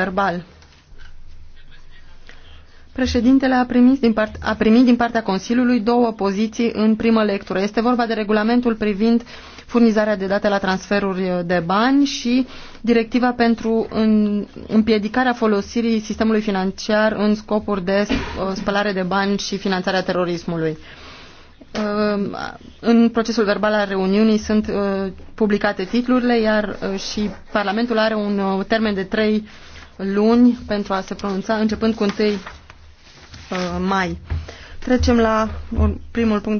verbal. Președintele a primit, din part, a primit din partea Consiliului două poziții în primă lectură. Este vorba de regulamentul privind furnizarea de date la transferuri de bani și directiva pentru în, împiedicarea folosirii sistemului financiar în scopuri de uh, spălare de bani și finanțarea terorismului. Uh, în procesul verbal al reuniunii sunt uh, publicate titlurile, iar și Parlamentul are un termen de trei luni pentru a se pronunța, începând cu 1 uh, mai. Trecem la primul punct de